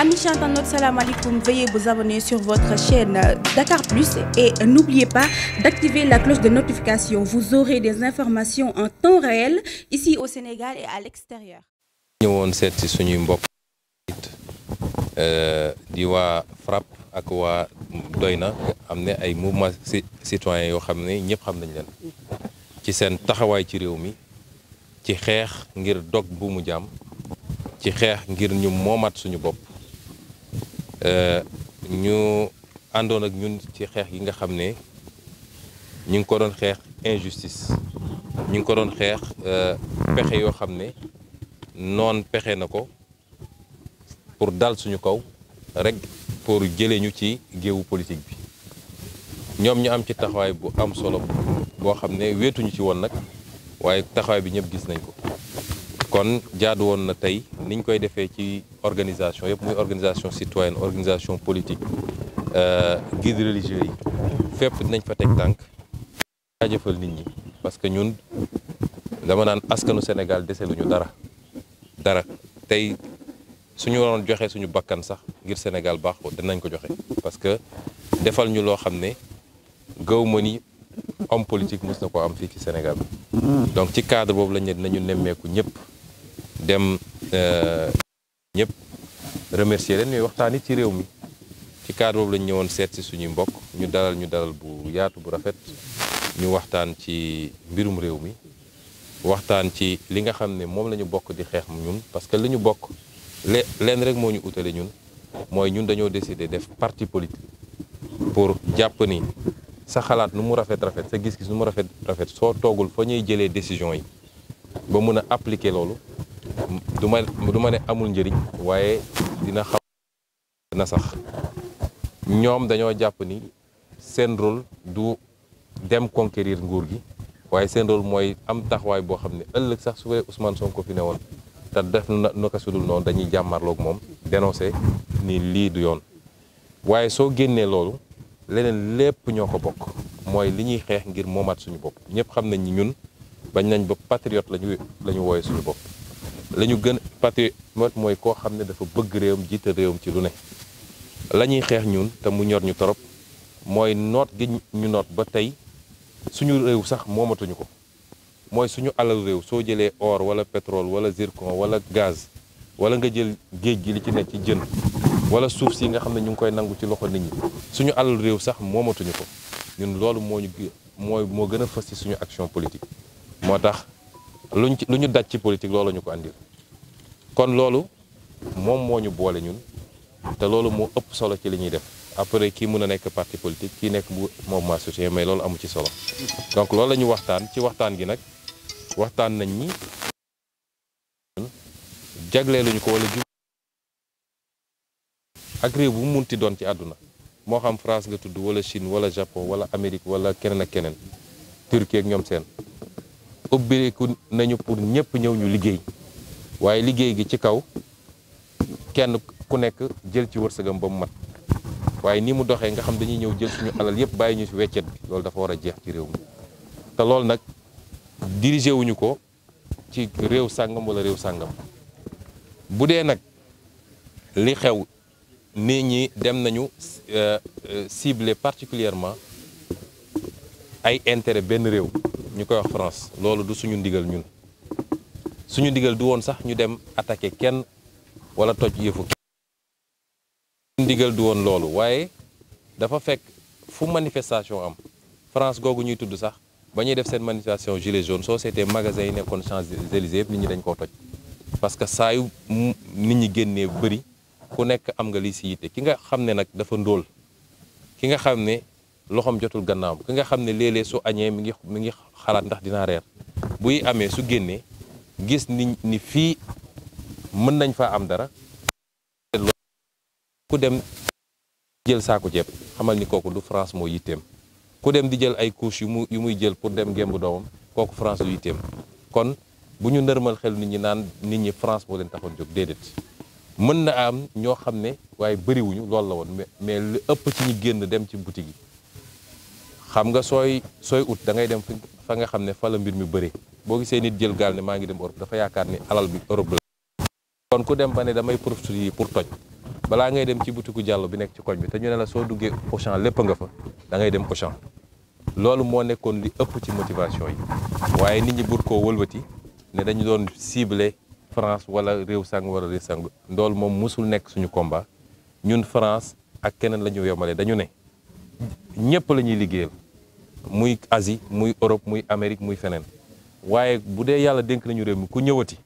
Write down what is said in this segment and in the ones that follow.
Amis internautes, salam alaikum. Veuillez vous abonner sur votre chaîne Dakar Plus et n'oubliez pas d'activer la cloche de notification. Vous aurez des informations en temps réel ici au Sénégal et à l'extérieur. ñëwoon seet si suñuy mbokk euh, di waa FRAPP ak waa na am ne ay mouvement citoyen yoo xam ne ñëpp xam nañ leen ci seen taxawaay ci réew mi ci xeex ngir dog bu mu jaam ci xeex ngir ñu moomaat suñu bopp ñu àndoon ak ñun ci xeex yi nga xam ne ñu ngi ko doon xeex injustice ñu ngi ko doon xeex euh, pexe yoo xam ne noon pexe na ko pour dal suñu kaw rek pour jëlee ñu ci géewu politique bi ñoom ñu am ci taxawaay bu am solo boo xam ne wéetuñu ci woon nag waaye taxawaay bi ñëpp gis nañ ko kon jaadu woon na tey niñ koy defee ci organisation yëpp muy organisation citoyenne organisation politique euh, guide religieux yi fépp dinañ fa teg tànk jaajëfal nit ñi parce que ñun dama naan askanu Sénégal dese luñu dara dara tey suñu waroon joxe suñu bakkan sax ngir Sénégal baax ko dinañ ko joxe parce que defal ñu loo xam ne gëw ma ni homme politique mës na ko am fii ci Sénégal hmm. donc ci cadre boobu lañ ne dinañu nemmeeku ñëpp dem euh, ñëpp remercier leen ñuy waxtaan ci réew mi ci cadre boobu lañ ñëwoon seet si suñuy mbokk ñu dalal ñu dalal bu yaatu bu rafet ñu waxtaan ci mbirum réew mi waxtaan ci li nga xam ne moom la ñu bokk di xeex mu ñun parce que li ñu bokk le leen rek moo ñu utale ñun mooy ñun dañoo décider def parti politique pour jàpp ni sa xalaat nu mu rafet rafet sa gis-gis nu mu rafet rafet soo toogul fa ñuy jëlee décision yi ba mun a appliquer loolu du ma du ne amul njëriñ waaye dina xam na sax ñoom dañoo jàpp ni seen rôle du dem conquérir nguur gi waaye seen rôle mooy am taxawaay boo xam ne ëllëg sax su fekkee Ousmane Sonko fi ne woon te def na naka sudul noonu dañuy jàmmarloog moom dénoncé nii lii du yoon waaye soo génnee loolu leneen lépp ñoo ko bokk mooy li ñuy xeex ngir moomaat suñu bopp ñëpp xam nañ ni ñun bañ nañ ba patriote lañu la ñu wooye suñu bopp la ñu gën patriote mooy koo xam ne dafa bëgg réewam jiital réewam ci lu ne la ñuy xeex ñun te mu ñor ñu torop mooy noot gi ñu noot ba tey suñu réew sax moomatuñu ko mooy suñu alal réew soo jëlee or wala pétrole wala zircon wala gaz wala nga jël géej gi li ci nekk ci jën wala suuf si nga xam ne ñu ngi koy nangu ci loxo nit ñi suñu alal réew sax moomatuñu ko ñun loolu moo mooy moo gën a fës ci suñu action politique moo tax luñ lu ñu daj ci politique loolu ñu ko andil kon loolu moom moo ñu boole ñun te loolu moo ëpp solo ci li ñuy def après kii mun a nekk parti politique kii nekk bu moom mouvement soutien mais loolu amu ci solo donc loolu la ñu waxtaan ci waxtaan gi nag waxtaan nañ ñi jagleeluñu ko wala jub ak réew bu munti doon ci àdduna moo xam France nga tudd wala Chine wala Japon wala Amérique wala keneen ak keneen Turquie ak ñoom seen ubbireeku nañu pour ñëpp ñëw ñu liggéey waaye liggéey gi ci kaw kenn ku nekk jël ci wërsëgam ba mu mat waaye ni mu doxee nga xam dañuy ñëw jël suñu alal yëpp bàyyi ñu ci weccet bi loolu dafa war a jeex ci réew mi te loolu nag dirigé wuñu ko ci réew sàngam wala réew sàngam bu dee nag li xew nit ñi dem nañu euh, euh, cibler particulièrement ay intérêt benn réew ñu koy wax France loolu du suñu ndigal ñun suñu ndigal du woon sax ñu dem attaquer kenn wala toj yëfu kenn ndigal du woon loolu waaye dafa fekk fu manifestation am France googu ñuy tudd sax ba ñuy def seen manifestation gilet jaune soo seetee magasin yi nekkoon Champs-Élysées yëpp nit ñi dañ koo toj parce que saa yu nit ñi génnee bëri ku nekk am nga lii si yitte ki nga xam ne nag dafa ndóol ki nga xam ne loxoom jotul gannaaw ki nga xam ne léeg-léeg su añee mi ngi mi ngi xalaat ndax dinaa reer buy amee su génnee gis ni ni fii mën nañ faa am dara ku dem jël saaku ceeb xamal ni kooku du France moo yitteem ku dem di jël ay couches yu mu yu muy jël pour dem gémb doomam kooku France du yitteem kon bu ñu nërmal xel nit ñi naan nit ñi France moo leen taxoon jóg déedéet mën na am ñoo xam ne waaye bariwuñu loolu la woon mais mais li ëpp ci ñi génn dem ci boutique yi xam nga sooy sooy ut da ngay dem fa nga xam ne fala mbir mi bëri boo gisee nit jël gaal ne maa ngi dem Europe dafa yaakaar ni alal bi Europe la kon ku dem ba ne damay profité yi pour toj balaa ngay dem ci butiku jàll bi nekk ci koñ bi te ñu ne la soo duggee Auchan lépp nga fa dangay ngay dem Auchan loolu moo nekkoon li ëpp ci motivation yi waaye nit ñi bur koo wëlbati ne dañu doon ciblé France wala réew sang wala réew sang loolu moom musul nekk suñu combat ñun France ak keneen la ñu yemale dañu ne ñëpp la ñuy liggéeyal muy Asie muy Europe muy Amérique muy feneen waaye bu dee yàlla denk nañu réew mi ku ñëwati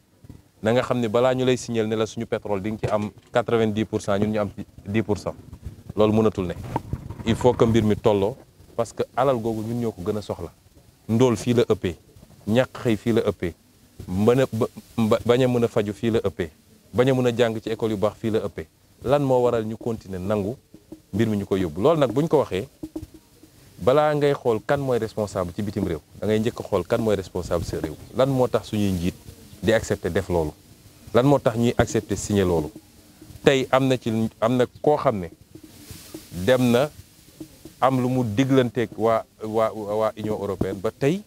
na nga xam ne balaa ñu lay signal ne la suñu petrole di nga ci am quatre-vingt-dix pour cent ñun ñu am ci dix pour cent loolu mënatul ne il faut que mbir mi tolloo parce que alal googu ñun ñoo ko gën a soxla ndóol fii la ëppee ñàkk xëy fii la ëppee mën a bañ a mën a faju fii la ëppee bañ a mën a jàng ci école yu baax fii la ëppee lan moo waral ñu continuer nangu mbir mi ñu koy yóbbu loolu nag buñ ko waxee balaa ngay xool kan mooy responsable ci bitim réew da ngay njëkk a xool kan mooy responsable sa réew lan moo tax suñuy njiit di accepter def loolu lan moo tax ñuy accepter signer loolu tey am na ci am na koo xam ne dem na am lu mu diglanteeg waa waa waa Union européenne ba tey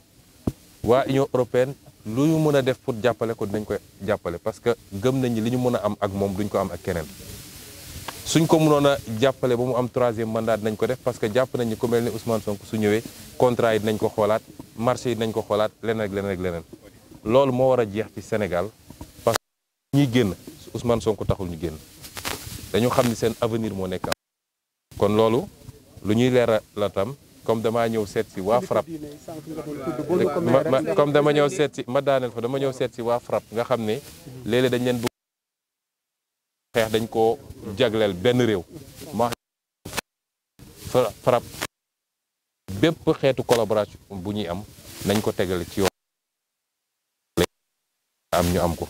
waa Union européenne lu ñu mën a def pour jàppale ko dinañ ko jàppale parce que gëm nañ li ñu mën a am ak moom duñ ko am ak keneen suñ ko mënoon a jàppale ba mu am troisième mandat nañ ko def parce que jàpp nañ ni ku mel ni Ousmane Sonko su ñëwee contrat yi dinañ ko xoolaat marché yi dinañ ko xoolaat leneen ak leneen ak loolu moo war a jeex ci senegal parce que ñuy génn Ousmane Sonko taxul ñu génn dañu xam ni seen avenir moo nekk kon loolu lu ñuy leer la tam comme damaa ñëw seet si waa FRAPP comme dama ñëw seet si ma daaneel fa dama ñëw seet si waa FRAPP nga xam ne léeg dañ leen xeex dañ ko jagleel benn réew ma bépp xeetu collaboration bu ñuy am nañ ko tegale ci yoon am ñu am ko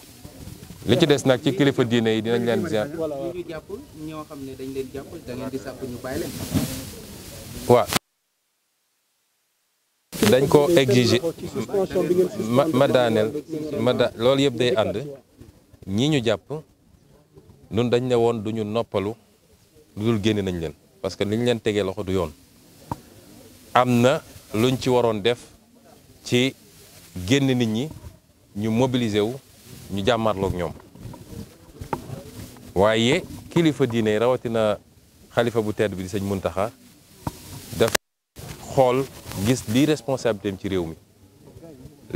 li ci des nag ci kilifa diine yi dinañ leen ziar waaw dañ ko exiger ma daaneel ma da loolu yëpp day ànd ñi ñu jàpp nun dañ ne woon duñu noppalu lu dul génne nañ leen parce que li leen tegee loxo du yoon am na luñ ci waroon def ci génn nit ñi ñu mobiliser wu ñu jàmmarloog ñoom waaye kilifa diine rawatina xalifa bu tedd bi di sëñ Muntaxa daf xool gis lii responsabilité am ci réew mi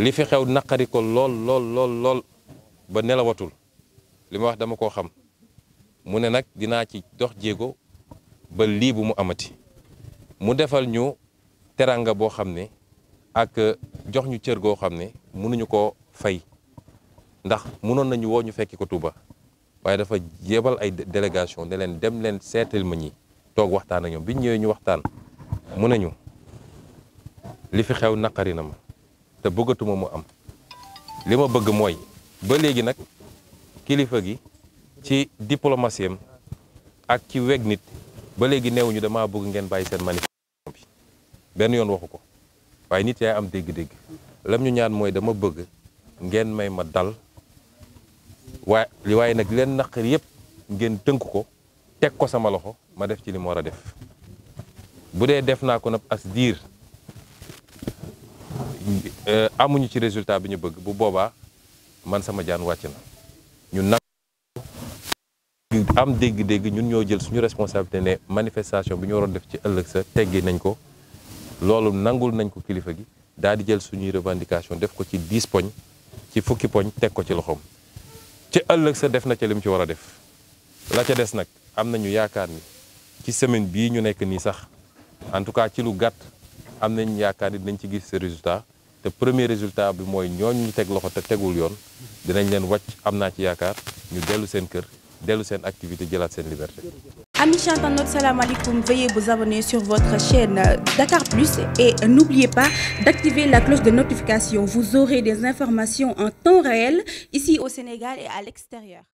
li fi xew naqari ko lool lool lool lool ba nelawatul li ma wax dama koo xam mu ne nag dinaa ci dox jéego ba lii bu mu amati mu defal ñu teranga boo xam ne ak jox ñu cër goo xam ne mënuñu ko fay ndax noon nañu woo ñu fekki ko Touba waaye dafa yebal ay délégation ne leen dem leen seetal ma ñi toog waxtaan ak ñoom biñ ñëwee ñu waxtaan mu nañu li fi xew naqarina ma te bëggatuma mu am li ma bëgg mooy ba léegi nag kilifa gi ci diplomatie am ak ci weg nit ba léegi newuñu damaa bëgg ngeen bàyyi seen manifestation benn yoon waxu ko waaye nit yaay am dégg-dégg lam ñu ñaan mooy dama bëgg ngeen may ma dal waaye nag leen naqar yépp ngeen tënk ko teg ko sama loxo ma def ci li mu war a def bu dee def naa ko nag as diir euh, amuñu ci résultat bi ñu bëgg bu boobaa man sama jaan wàcc na ñu am dégg-dégg ñun ñoo jël suñu responsabilité ne manifestation bi ñu waroon def ci ëllëg sa teggi nañ ko loolu nangul nañ ko kilifa gi daal di jël suñuy revendication def ko ci dix poñ ci fukki poñ teg ko ci loxoom ci ëllëg sa def na ca lim ci war a def la ca des nag am nañu yaakaar ni ci semaine bii ñu nekk nii sax en tout cas ci lu gàtt am nañ yaakaar ni dinañ ci gis résultat te premier résultat bi mooy ñooñu ñu teg loxo te tegul yoon dinañ leen wàcc am naa ci yaakaar ñu dellu seen kër dellu seen activité jëlaat seen liberté. salaamaaleykum veuillez vous abonner sur votre chaîne Dakar Plus et n'oubliez pas d'activer la cloche de notification vous aurez des informations en temps réel ici au Sénégal et à l'extérieur